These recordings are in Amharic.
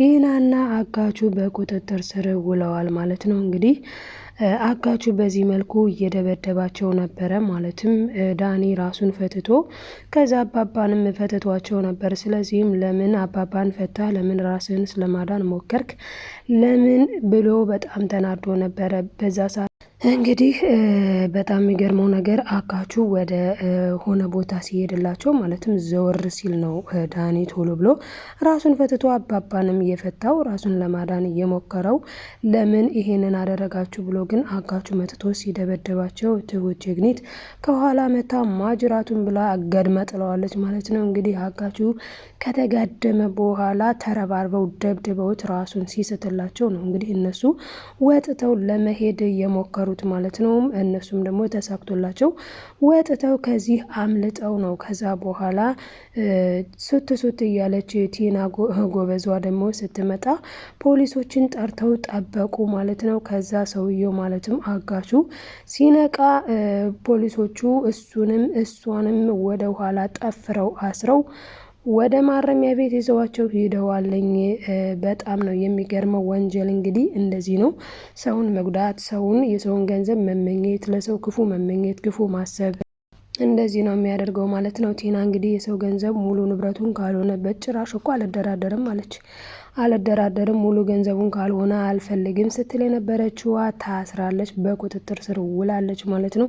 ቴናና አጋቹ በቁጥጥር ስር ውለዋል ማለት ነው። እንግዲህ አጋቹ በዚህ መልኩ እየደበደባቸው ነበረ። ማለትም ዳኒ ራሱን ፈትቶ ከዛ አባባንም ፈትቷቸው ነበር። ስለዚህም ለምን አባባን ፈታ፣ ለምን ራስህን ስለማዳን ሞከርክ፣ ለምን ብሎ በጣም ተናዶ ነበረ በዛ እንግዲህ በጣም የሚገርመው ነገር አካቹ ወደ ሆነ ቦታ ሲሄድላቸው ማለትም ዘወር ሲል ነው ዳኒ ቶሎ ብሎ ራሱን ፈትቶ አባባንም እየፈታው ራሱን ለማዳን እየሞከረው ለምን ይሄንን አደረጋችሁ ብሎ ግን አካቹ መትቶ ሲደበደባቸው ትሁት ጀግኒት ከኋላ መታ ማጅራቱን ብላ አጋድማ ጥለዋለች ማለት ነው። እንግዲህ አካቹ ከተጋደመ በኋላ ተረባርበው ደብድበውት ራሱን ሲስትላቸው ነው እንግዲህ እነሱ ወጥተው ለመሄድ የሞከሩ የቀሩት ማለት ነው። እነሱም ደግሞ ተሳክቶላቸው ወጥተው ከዚህ አምልጠው ነው። ከዛ በኋላ ሱት ሱት እያለች ቲና ጎበዟ ደግሞ ስትመጣ ፖሊሶችን ጠርተው ጠበቁ ማለት ነው። ከዛ ሰውየው ማለትም አጋቹ ሲነቃ ፖሊሶቹ እሱንም እሷንም ወደ ኋላ ጠፍረው አስረው ወደ ማረሚያ ቤት ይዘዋቸው ሂደዋለኝ። በጣም ነው የሚገርመው። ወንጀል እንግዲህ እንደዚህ ነው። ሰውን መጉዳት፣ ሰውን የሰውን ገንዘብ መመኘት፣ ለሰው ክፉ መመኘት፣ ክፉ ማሰብ እንደዚህ ነው የሚያደርገው ማለት ነው። ቲና እንግዲህ የሰው ገንዘብ ሙሉ ንብረቱን ካልሆነ በጭራሽ እኮ አልደራደርም አለች። አልደራደርም ሙሉ ገንዘቡን ካልሆነ አልፈልግም ስትል የነበረችዋ ታስራለች፣ በቁጥጥር ስር ውላለች ማለት ነው።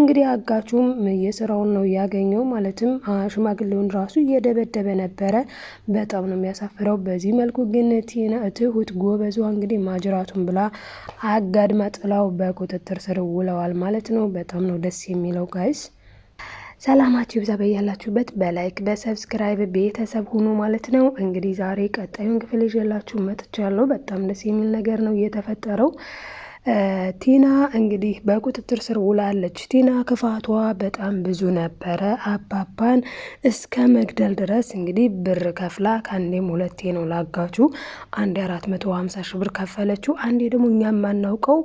እንግዲህ አጋቹም የስራውን ነው ያገኘው። ማለትም ሽማግሌውን ራሱ እየደበደበ ነበረ። በጣም ነው የሚያሳፍረው። በዚህ መልኩ ግን ትሁት ጎበዟ እንግዲህ ማጅራቱን ብላ አጋድማ ጥላው በቁጥጥር ስር ውለዋል ማለት ነው። በጣም ነው ደስ የሚለው ጋይስ። ሰላማችሁ ይብዛ በያላችሁበት በላይክ በሰብስክራይብ ቤተሰብ ሁኑ ማለት ነው። እንግዲህ ዛሬ ቀጣዩን ክፍል ይዤላችሁ መጥቻለሁ። በጣም ደስ የሚል ነገር ነው የተፈጠረው። ቲና እንግዲህ በቁጥጥር ስር ውላለች። ቲና ክፋቷ በጣም ብዙ ነበረ። አባባን እስከ መግደል ድረስ እንግዲህ ብር ከፍላ ከአንዴም ሁለቴ ነው ላጋቹ። አንዴ አራት መቶ ሀምሳ ሺህ ብር ከፈለችው። አንዴ ደግሞ እኛ የማናውቀው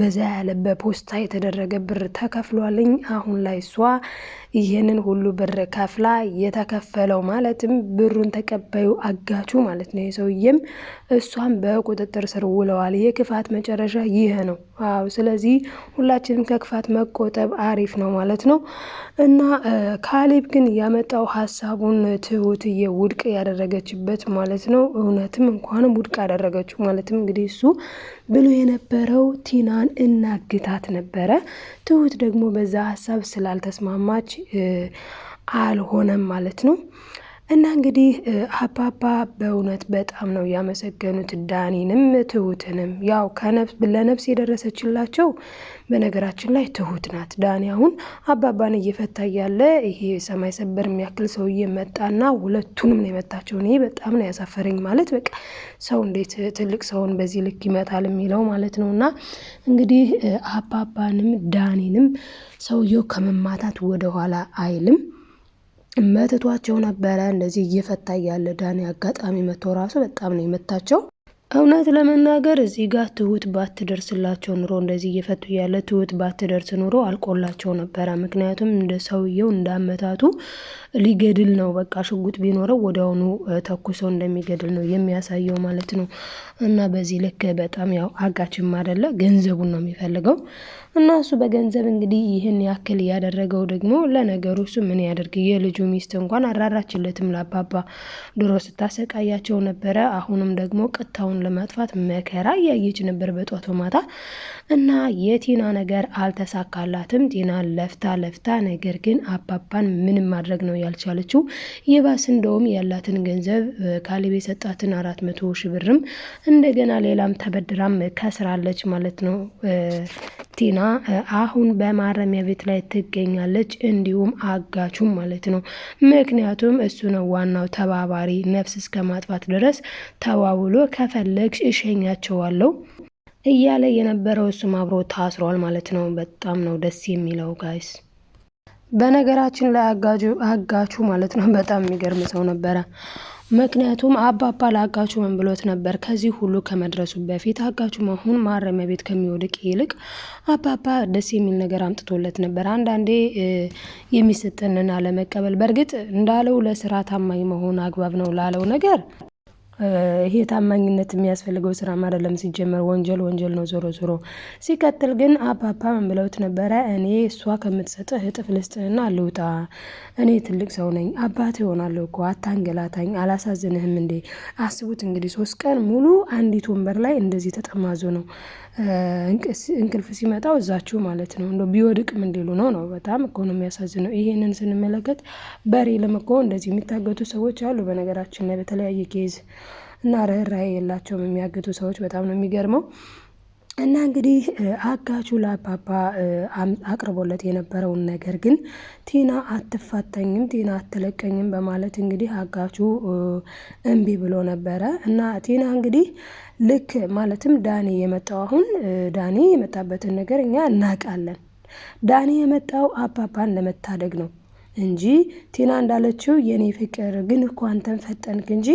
በዛ ያለ በፖስታ የተደረገ ብር ተከፍሏልኝ። አሁን ላይ እሷ ይህንን ሁሉ ብር ከፍላ የተከፈለው ማለትም ብሩን ተቀባዩ አጋቹ ማለት ነው። የሰውዬም እሷም በቁጥጥር ስር ውለዋል። የክፋት መጨረሻ ይህ ነው። አዎ፣ ስለዚህ ሁላችንም ከክፋት መቆጠብ አሪፍ ነው ማለት ነው እና ካሌብ ግን ያመጣው ሀሳቡን ትሁትዬ ውድቅ ያደረገችበት ማለት ነው። እውነትም እንኳንም ውድቅ አደረገችው ማለትም እንግዲህ እሱ ብሎ የነበረው ቲናን እናግታት ነበረ። ትሁት ደግሞ በዛ ሀሳብ ስላልተስማማች አልሆነም ማለት ነው። እና እንግዲህ አባባ በእውነት በጣም ነው ያመሰገኑት ዳኒንም ትሁትንም። ያው ለነፍስ የደረሰችላቸው በነገራችን ላይ ትሁት ናት። ዳኒ አሁን አባባን እየፈታ እያለ ይሄ ሰማይ ሰበር የሚያክል ሰውዬ መጣና ሁለቱንም ነው የመታቸው። እኔ በጣም ነው ያሳፈረኝ። ማለት በቃ ሰው እንዴት ትልቅ ሰውን በዚህ ልክ ይመታል የሚለው ማለት ነው። እና እንግዲህ አባባንም ዳኒንም ሰውየው ከመማታት ወደኋላ አይልም። መትቷቸው ነበረ። እንደዚህ እየፈታ ያለ ዳኔ አጋጣሚ መቶ ራሱ በጣም ነው የመታቸው። እውነት ለመናገር እዚህ ጋር ትሁት ባትደርስላቸው ኑሮ እንደዚህ እየፈቱ ያለ ትሁት ባትደርስ ኑሮ አልቆላቸው ነበረ። ምክንያቱም እንደ ሰውየው እንዳመታቱ ሊገድል ነው። በቃ ሽጉጥ ቢኖረው ወዲያውኑ ተኩሶ እንደሚገድል ነው የሚያሳየው ማለት ነው። እና በዚህ ልክ በጣም ያው አጋችም አይደለ ገንዘቡን ነው የሚፈልገው። እና እሱ በገንዘብ እንግዲህ ይህን ያክል ያደረገው ደግሞ ለነገሩ እሱ ምን ያደርግ፣ የልጁ ሚስት እንኳን አራራችለትም። ላባባ ድሮ ስታሰቃያቸው ነበረ። አሁንም ደግሞ ቅታው ራሷን ለማጥፋት መከራ እያየች ነበር በጧት በማታ እና የቲና ነገር አልተሳካላትም። ቲና ለፍታ ለፍታ ነገር ግን አባባን ምንም ማድረግ ነው ያልቻለችው። የባስ እንደውም ያላትን ገንዘብ ካሌብ የሰጣትን አራት መቶ ሺህ ብርም እንደገና ሌላም ተበድራም ከስራለች ማለት ነው። ቲና አሁን በማረሚያ ቤት ላይ ትገኛለች። እንዲሁም አጋቹም ማለት ነው። ምክንያቱም እሱ ነው ዋናው ተባባሪ ነፍስ እስከ ማጥፋት ድረስ ተዋውሎ ከፈ ከፈለግሽ እሸኛቸዋለሁ እያለ የነበረው እሱም አብሮ ታስሯል ማለት ነው። በጣም ነው ደስ የሚለው ጋይስ። በነገራችን ላይ አጋቹ ማለት ነው በጣም የሚገርም ሰው ነበረ። ምክንያቱም አባባ ለአጋቹ ምን ብሎት ነበር? ከዚህ ሁሉ ከመድረሱ በፊት አጋቹ መሆን ማረሚያ ቤት ከሚወድቅ ይልቅ አባባ ደስ የሚል ነገር አምጥቶለት ነበር። አንዳንዴ የሚሰጠንን አለመቀበል፣ በእርግጥ እንዳለው ለስራ ታማኝ መሆን አግባብ ነው ላለው ነገር ይሄ ታማኝነት የሚያስፈልገው ስራ ማደለም። ሲጀመር ወንጀል ወንጀል ነው ዞሮ ዞሮ። ሲቀጥል ግን አፓፓ ምን ብለውት ነበረ? እኔ እሷ ከምትሰጥህ እጥፍ ልስጥህና ልውጣ። እኔ ትልቅ ሰው ነኝ፣ አባት ይሆናለሁ እኮ አታንገላታኝ፣ አላሳዝንህም እንዴ? አስቡት እንግዲህ ሶስት ቀን ሙሉ አንዲት ወንበር ላይ እንደዚህ ተጠማዞ ነው እንቅልፍ ሲመጣው እዛችሁ ማለት ነው እንደው ቢወድቅም እንዲሉ ነው ነው። በጣም እኮ ነው የሚያሳዝነው። ይሄንን ስንመለከት በሬልም እኮ እንደዚህ የሚታገቱ ሰዎች አሉ በነገራችን ላይ በተለያየ ኬዝ እና ርኅራኄ የላቸውም የሚያግቱ ሰዎች። በጣም ነው የሚገርመው። እና እንግዲህ አጋቹ ለአባባ አቅርቦለት የነበረውን ነገር ግን ቲና አትፋተኝም፣ ቲና አትለቀኝም በማለት እንግዲህ አጋቹ እምቢ ብሎ ነበረ እና ቲና እንግዲህ ልክ ማለትም ዳኒ የመጣው አሁን ዳኒ የመጣበትን ነገር እኛ እናውቃለን። ዳኒ የመጣው አባባን ለመታደግ ነው። እንጂ ቲና እንዳለችው የኔ ፍቅር ግን እኮ አንተን ፈጠንክ እንጂ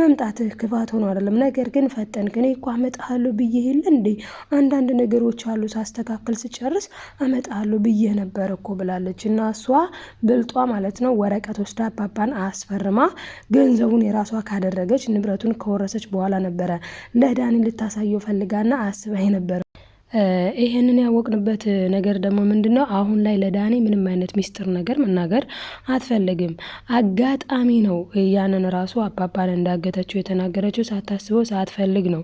መምጣትህ ክፋት ሆኖ አይደለም። ነገር ግን ፈጠንክ። እኔ እኮ አመጣሃለሁ ብዬ የለ እንዴ አንዳንድ ነገሮች አሉ ሳስተካከል ስጨርስ አመጣሉ ብዬ ነበር እኮ ብላለች። እና እሷ ብልጧ ማለት ነው ወረቀት ወስዳ አባባን አስፈርማ ገንዘቡን የራሷ ካደረገች ንብረቱን ከወረሰች በኋላ ነበረ ለዳኒ ልታሳየው ፈልጋና አስበ ነበር። ይሄንን ያወቅንበት ነገር ደግሞ ምንድነው? አሁን ላይ ለዳኒ ምንም አይነት ሚስጥር ነገር መናገር አትፈልግም። አጋጣሚ ነው ያንን ራሱ አባባን እንዳገተችው የተናገረችው ሳታስበው ሳትፈልግ ነው።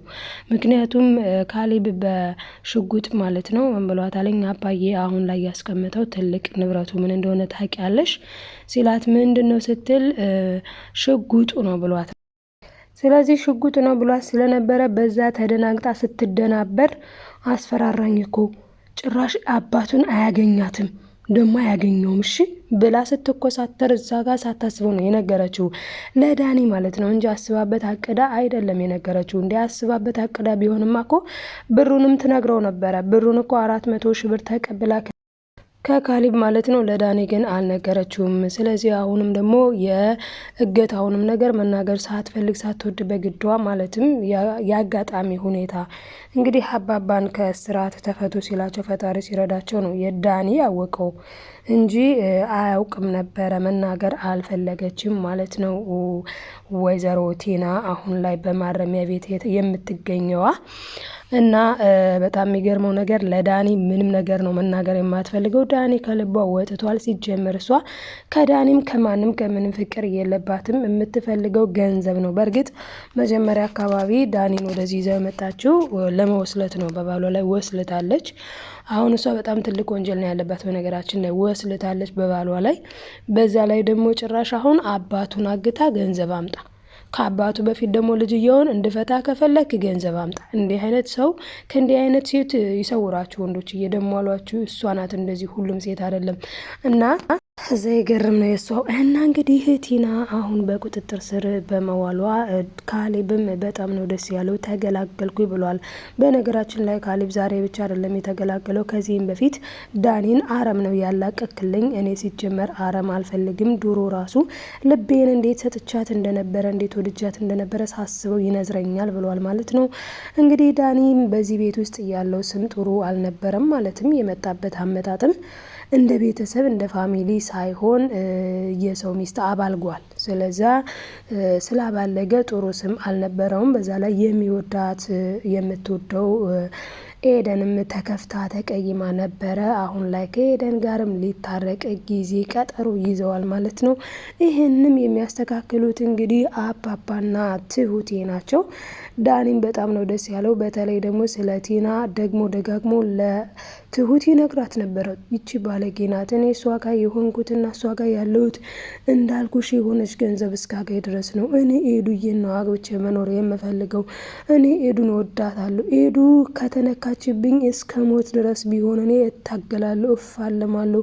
ምክንያቱም ካሊብ በሽጉጥ ማለት ነው ብሏታለኝ። አባዬ አሁን ላይ ያስቀመጠው ትልቅ ንብረቱ ምን እንደሆነ ታውቂያለሽ ሲላት ምንድን ነው ስትል ሽጉጡ ነው ብሏት ስለዚህ ሽጉጥ ነው ብሏት ስለነበረ በዛ ተደናግጣ ስትደናበር አስፈራራኝ እኮ ጭራሽ አባቱን አያገኛትም ደሞ አያገኘውም እሺ ብላ ስትኮሳተር እዛ ጋር ሳታስበው ነው የነገረችው ለዳኒ ማለት ነው እንጂ አስባበት አቅዳ አይደለም የነገረችው። እንዲ አስባበት አቅዳ ቢሆንማ እኮ ብሩንም ትነግረው ነበረ። ብሩን እኮ አራት መቶ ሺህ ብር ተቀብላ ከካሊብ ማለት ነው። ለዳኒ ግን አልነገረችውም። ስለዚህ አሁንም ደግሞ የእገታውንም ነገር መናገር ሳትፈልግ ሳትወድ በግዷ ማለትም የአጋጣሚ ሁኔታ እንግዲህ አባባን ከእስራት ተፈቱ ሲላቸው ፈጣሪ ሲረዳቸው ነው የዳኒ ያወቀው። እንጂ አያውቅም ነበረ። መናገር አልፈለገችም ማለት ነው። ወይዘሮ ቴና አሁን ላይ በማረሚያ ቤት የምትገኘዋ እና በጣም የሚገርመው ነገር ለዳኒ ምንም ነገር ነው መናገር የማትፈልገው። ዳኒ ከልቧ ወጥቷል። ሲጀምር እሷ ከዳኒም ከማንም ከምንም ፍቅር የለባትም። የምትፈልገው ገንዘብ ነው። በእርግጥ መጀመሪያ አካባቢ ዳኒን ወደዚህ ይዘው የመጣችው ለመወስለት ነው። በባሏ ላይ ወስልታለች። አሁን እሷ በጣም ትልቅ ወንጀል ነው ያለባት። በነገራችን ላይ ወስልታለች በባሏ ላይ። በዛ ላይ ደግሞ ጭራሽ አሁን አባቱን አግታ ገንዘብ አምጣ ከአባቱ በፊት ደግሞ ልጅየውን እንድፈታ ከፈለክ ገንዘብ አምጣ። እንዲህ አይነት ሰው ከእንዲህ አይነት ሴት ይሰውራችሁ ወንዶች፣ እየደሟሏችሁ እሷ ናት እንደዚህ። ሁሉም ሴት አይደለም እና እዛ የገርም ነው የሷ እና እንግዲህ ቲና አሁን በቁጥጥር ስር በመዋሏ ካሌብም በጣም ነው ደስ ያለው። ተገላገልኩ ብሏል። በነገራችን ላይ ካሌብ ዛሬ ብቻ አይደለም የተገላገለው። ከዚህም በፊት ዳኒን አረም ነው ያላቀክልኝ። እኔ ሲጀመር አረም አልፈልግም። ድሮ ራሱ ልቤን እንዴት ሰጥቻት እንደነበረ እንዴት ወድጃት እንደነበረ ሳስበው ይነዝረኛል ብሏል ማለት ነው። እንግዲህ ዳኒም በዚህ ቤት ውስጥ ያለው ስም ጥሩ አልነበረም። ማለትም የመጣበት አመጣጥም እንደ ቤተሰብ እንደ ፋሚሊ ሳይሆን የሰው ሚስት አባልጓል። ስለዛ ስላባለገ ጥሩ ስም አልነበረውም። በዛ ላይ የሚወዳት የምትወደው ኤደንም ተከፍታ ተቀይማ ነበረ። አሁን ላይ ከኤደን ጋርም ሊታረቅ ጊዜ ቀጠሮ ይዘዋል ማለት ነው። ይህንም የሚያስተካክሉት እንግዲህ አባባና ትሁቴ ናቸው። ዳኒም በጣም ነው ደስ ያለው። በተለይ ደግሞ ስለ ቲና ደግሞ ደጋግሞ ለትሁት ይነግራት ነበረ። ይቺ ባለጌ ናት፣ እኔ እሷ ጋ የሆንኩትና እሷ ጋ ያለሁት እንዳልኩሽ የሆነች ገንዘብ እስካገኝ ድረስ ነው። እኔ ኤዱዬን ነው አግብቼ መኖር የምፈልገው። እኔ ኤዱን ወዳታለሁ። ኤዱ ከተነካ ካችብኝ እስከ ሞት ድረስ ቢሆን እኔ እታገላለሁ፣ እፋለማለሁ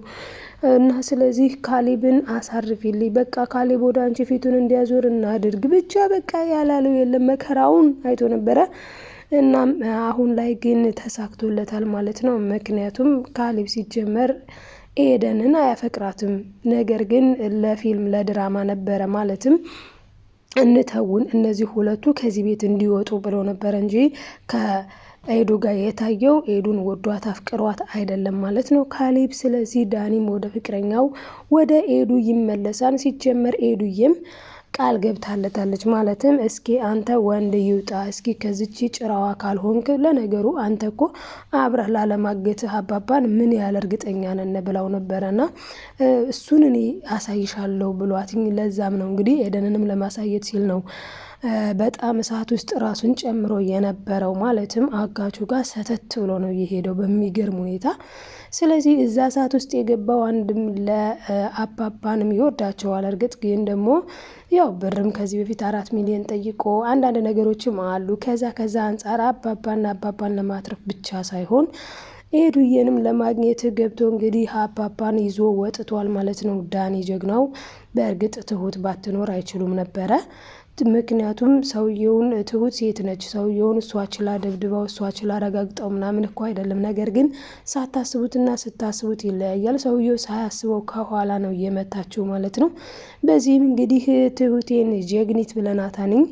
እና ስለዚህ ካሊብን አሳርፊልኝ፣ በቃ ካሊብ ወደ አንቺ ፊቱን እንዲያዞር እናድርግ ብቻ በቃ ያላለው የለም። መከራውን አይቶ ነበረ። እናም አሁን ላይ ግን ተሳክቶለታል ማለት ነው። ምክንያቱም ካሊብ ሲጀመር ኤደንን አያፈቅራትም። ነገር ግን ለፊልም ለድራማ ነበረ ማለትም እንተውን እነዚህ ሁለቱ ከዚህ ቤት እንዲወጡ ብሎ ነበረ እንጂ ኤዱ ጋር የታየው ኤዱን ወዷት አፍቅሯት አይደለም ማለት ነው ካሌብ። ስለዚህ ዳኒም ወደ ፍቅረኛው ወደ ኤዱ ይመለሳል። ሲጀመር ኤዱዬም ቃል ገብታለታለች። ማለትም እስኪ አንተ ወንድ ይውጣ እስኪ ከዚች ጭራዋ ካልሆንክ ለነገሩ አንተ እኮ አብረህ ላለማገትህ አባባን ምን ያለ እርግጠኛ ነን ብለው ነበረና እሱን እኔ አሳይሻለሁ ብሏትኝ። ለዛም ነው እንግዲህ ኤደንንም ለማሳየት ሲል ነው በጣም እሳት ውስጥ ራሱን ጨምሮ የነበረው ማለትም አጋቹ ጋር ሰተት ብሎ ነው የሄደው በሚገርም ሁኔታ። ስለዚህ እዛ እሳት ውስጥ የገባው አንድም ለአባባንም ይወዳቸዋል። እርግጥ ግን ደግሞ ያው ብርም ከዚህ በፊት አራት ሚሊዮን ጠይቆ አንዳንድ ነገሮችም አሉ። ከዛ ከዛ አንጻር አባባና አባባን ለማትረፍ ብቻ ሳይሆን ኤዱዬንም ለማግኘት ገብቶ እንግዲህ አባባን ይዞ ወጥቷል ማለት ነው። ዳኒ ጀግናው በእርግጥ ትሁት ባትኖር አይችሉም ነበረ። ምክንያቱም ሰውየውን ትሁት ሴት ነች። ሰውየውን እሷ ችላ ደብድባው እሷ ችላ ረጋግጠው ምናምን እኮ አይደለም። ነገር ግን ሳታስቡትና ስታስቡት ይለያያል። ሰውየው ሳያስበው ከኋላ ነው እየመታችው ማለት ነው። በዚህም እንግዲህ ትሁቴን ጀግኒት ብለናታንኝ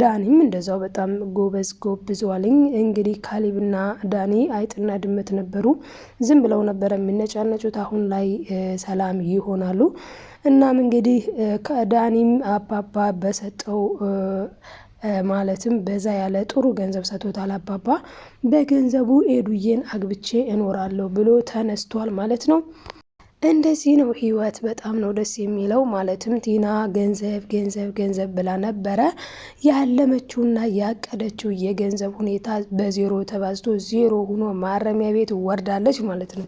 ዳኒም እንደዛው በጣም ጎበዝ ጎብዘዋልኝ። እንግዲህ ካሊብና ዳኒ አይጥና ድመት ነበሩ። ዝም ብለው ነበረ የሚነጫነጩት። አሁን ላይ ሰላም ይሆናሉ። እናም እንግዲህ ከዳኒም አባባ በሰጠው ማለትም በዛ ያለ ጥሩ ገንዘብ ሰጥቶታል። አባባ በገንዘቡ ኤዱዬን አግብቼ እኖራለሁ ብሎ ተነስቷል ማለት ነው። እንደዚህ ነው ህይወት። በጣም ነው ደስ የሚለው። ማለትም ቲና ገንዘብ ገንዘብ ገንዘብ ብላ ነበረ ያለመችውና ያቀደችው የገንዘብ ሁኔታ በዜሮ ተባዝቶ ዜሮ ሆኖ ማረሚያ ቤት ወርዳለች ማለት ነው።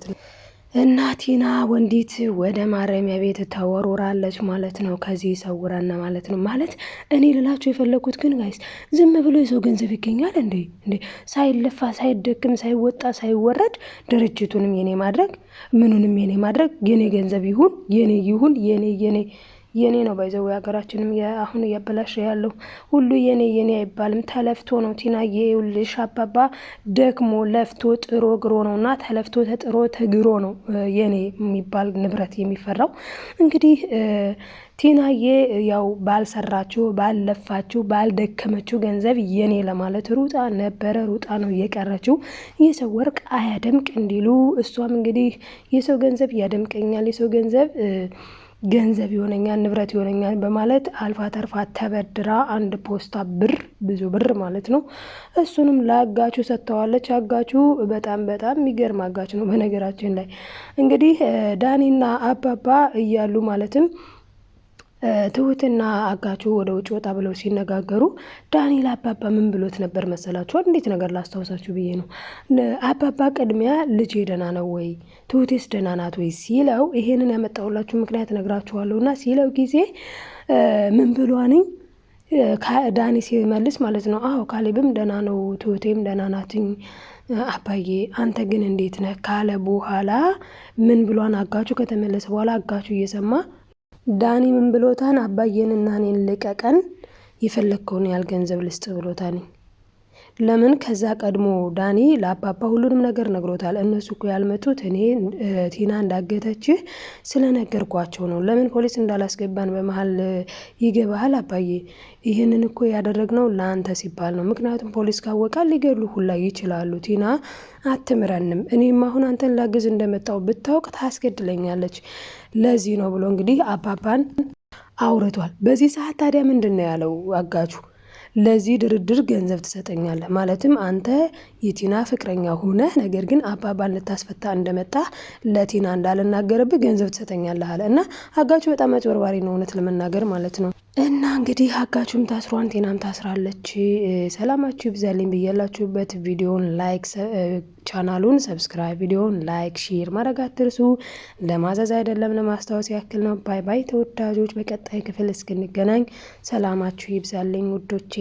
እናቲና ወንዲት ወደ ማረሚያ ቤት ተወርውራለች ማለት ነው። ከዚህ ይሰውራና ማለት ነው። ማለት እኔ ልላችሁ የፈለግኩት ግን ጋይስ ዝም ብሎ የሰው ገንዘብ ይገኛል እንዴ? እንዴ ሳይለፋ ሳይደክም ሳይወጣ ሳይወረድ ድርጅቱንም የኔ ማድረግ ምኑንም የኔ ማድረግ የኔ ገንዘብ ይሁን የኔ ይሁን የኔ የኔ የኔ ነው ባይዘው ሀገራችንም አሁን እያበላሸ ያለው ሁሉ የኔ የኔ አይባልም። ተለፍቶ ነው ቲና የውልሽ አባባ ደክሞ ለፍቶ ጥሮ ግሮ ነው እና ተለፍቶ ተጥሮ ተግሮ ነው የኔ የሚባል ንብረት የሚፈራው እንግዲህ ቲናዬ ያው ባልሰራችሁ ባልለፋችሁ ባልደከመችሁ ገንዘብ የኔ ለማለት ሩጣ ነበረ። ሩጣ ነው እየቀረችው የሰው ወርቅ አያደምቅ እንዲሉ እሷም እንግዲህ የሰው ገንዘብ ያደምቀኛል የሰው ገንዘብ ገንዘብ ይሆነኛል፣ ንብረት ይሆነኛል በማለት አልፋ ተርፋ ተበድራ አንድ ፖስታ ብር ብዙ ብር ማለት ነው። እሱንም ለአጋቹ ሰጥተዋለች። አጋቹ በጣም በጣም የሚገርም አጋች ነው። በነገራችን ላይ እንግዲህ ዳኒና አባባ እያሉ ማለትም ትሁትና አጋቹ ወደ ውጭ ወጣ ብለው ሲነጋገሩ ዳንኤል አባባ ምን ብሎት ነበር መሰላችኋል? እንዴት ነገር ላስታውሳችሁ ብዬ ነው። አባባ ቅድሚያ ልጄ ደህና ነው ወይ ትሁቴስ ደህና ናት ወይ ሲለው ይሄንን ያመጣሁላችሁ ምክንያት ነግራችኋለሁ እና ሲለው ጊዜ ምን ብሏንኝ ዳኒ ሲመልስ ማለት ነው። አዎ ካሌብም ደህና ነው፣ ትሁቴም ደህና ናትኝ አባዬ አንተ ግን እንዴት ነህ ካለ በኋላ ምን ብሏን አጋቹ ከተመለሰ በኋላ አጋቹ እየሰማ ዳኒ ምን ብሎታን አባዬንና እኔን ልቀቀን፣ የፈለግከውን ያህል ገንዘብ ልስጥ ብሎታኒ ለምን ከዛ ቀድሞ ዳኒ ለአባባ ሁሉንም ነገር ነግሮታል። እነሱ እኮ ያልመጡት እኔ ቲና እንዳገተችህ ስለነገርኳቸው ነው። ለምን ፖሊስ እንዳላስገባን በመሀል ይገባሃል አባዬ፣ ይህንን እኮ ያደረግነው ለአንተ ሲባል ነው። ምክንያቱም ፖሊስ ካወቃ ሊገሉ ሁላ ይችላሉ። ቲና አትምረንም። እኔም አሁን አንተን ላግዝ እንደመጣው ብታውቅ ታስገድለኛለች። ለዚህ ነው ብሎ እንግዲህ አባባን አውርቷል። በዚህ ሰዓት ታዲያ ምንድን ነው ያለው አጋቹ? ለዚህ ድርድር ገንዘብ ትሰጠኛለህ፣ ማለትም አንተ የቲና ፍቅረኛ ሆነህ ነገር ግን አባባን ልታስፈታ እንደመጣ ለቲና እንዳልናገርብህ ገንዘብ ትሰጠኛለህ አለ እና አጋቹ በጣም አጭበርባሪ ነው እውነት ለመናገር ማለት ነው። እና እንግዲህ አጋችሁም ታስሯን ቴናም ታስራለች። ሰላማችሁ ይብዛልኝ ብያላችሁበት። ቪዲዮን ላይክ፣ ቻናሉን ሰብስክራይብ፣ ቪዲዮን ላይክ፣ ሼር ማድረግ አትርሱ። ለማዘዝ አይደለም ለማስታወስ ያክል ነው። ባይ ባይ ተወዳጆች፣ በቀጣይ ክፍል እስክንገናኝ ሰላማችሁ ይብዛልኝ ውዶቼ።